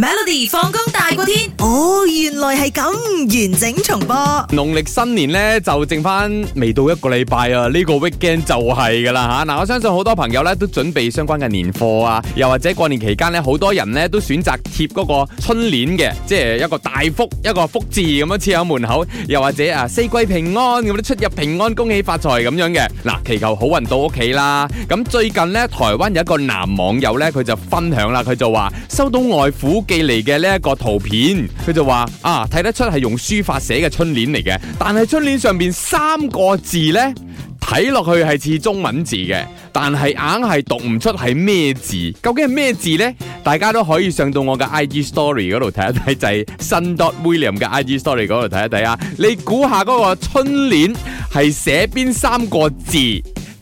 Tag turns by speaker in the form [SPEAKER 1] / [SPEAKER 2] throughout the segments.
[SPEAKER 1] Melody 放工大過天，哦，oh, 原來係咁，完整重播。農曆新年咧就剩翻未到一個禮拜啊，呢、這個 weekend 就係噶啦吓。嗱、啊啊，我相信好多朋友咧都準備相關嘅年貨啊，又或者過年期間咧，好多人咧都選擇貼嗰個春聯嘅，即係一個大福，一個福字咁樣貼喺門口，又或者啊四季平安咁樣出入平安，恭喜發財咁樣嘅，嗱、啊、祈求好運到屋企啦。咁、啊、最近咧台灣有一個男網友咧，佢就分享啦，佢就話收到外父。寄嚟嘅呢一個圖片，佢就話啊，睇得出係用書法寫嘅春聯嚟嘅，但係春聯上邊三個字呢，睇落去係似中文字嘅，但係硬係讀唔出係咩字，究竟係咩字呢？大家都可以上到我嘅 IG Story 嗰度睇一睇，就係、是、Sin Dot William 嘅 IG Story 嗰度睇一睇啊！你估下嗰個春聯係寫邊三個字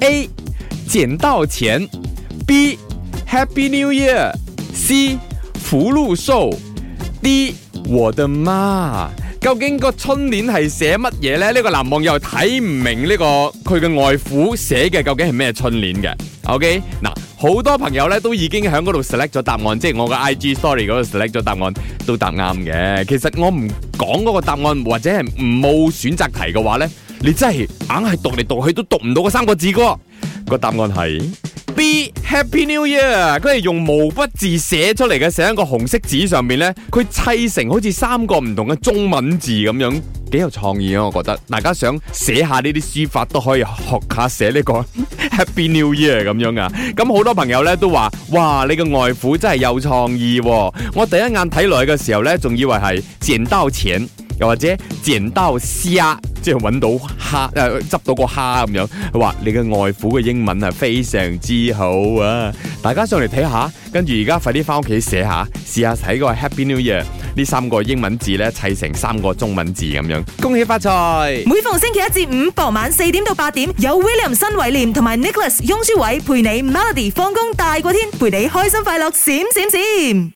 [SPEAKER 1] ？A 剪刀錢，B Happy New Year，C。葫蘆蘇，D，我的媽，究竟個春聯係寫乜嘢咧？呢個男網友睇唔明呢個佢嘅外父寫嘅究竟係咩春聯嘅？OK，嗱，好多朋友咧都已經喺嗰度 select 咗答案，即係我嘅 IG story 嗰度 select 咗答案都答啱嘅。其實我唔講嗰個答案或者係冇選擇題嘅話咧，你真係硬係讀嚟讀去都讀唔到嗰三個字嘅，哦。嗰個答案係。Happy New Year，佢係用毛筆字寫出嚟嘅，寫喺個紅色紙上面呢，佢砌成好似三個唔同嘅中文字咁樣，幾有創意啊！我覺得大家想寫下呢啲書法都可以學下寫呢個 Happy New Year 咁樣噶、啊。咁、嗯、好多朋友呢都話，哇，你個外父真係有創意、啊。我第一眼睇落去嘅時候呢，仲以為係賺到錢。又或者剪刀蝦，即係搵到蝦、啊，誒，執、呃、到個蝦咁樣，佢話你嘅外父嘅英文係非常之好啊！大家上嚟睇下，跟住而家快啲翻屋企寫下，試下睇個 Happy New Year 呢三個英文字咧砌成三個中文字咁樣。恭喜發財！每逢星期一至五傍晚四點到八點，有 William 新偉廉同埋 Nicholas 雍舒偉陪你 Melody 放工大過天，陪你開心快樂閃閃閃。閃閃閃閃。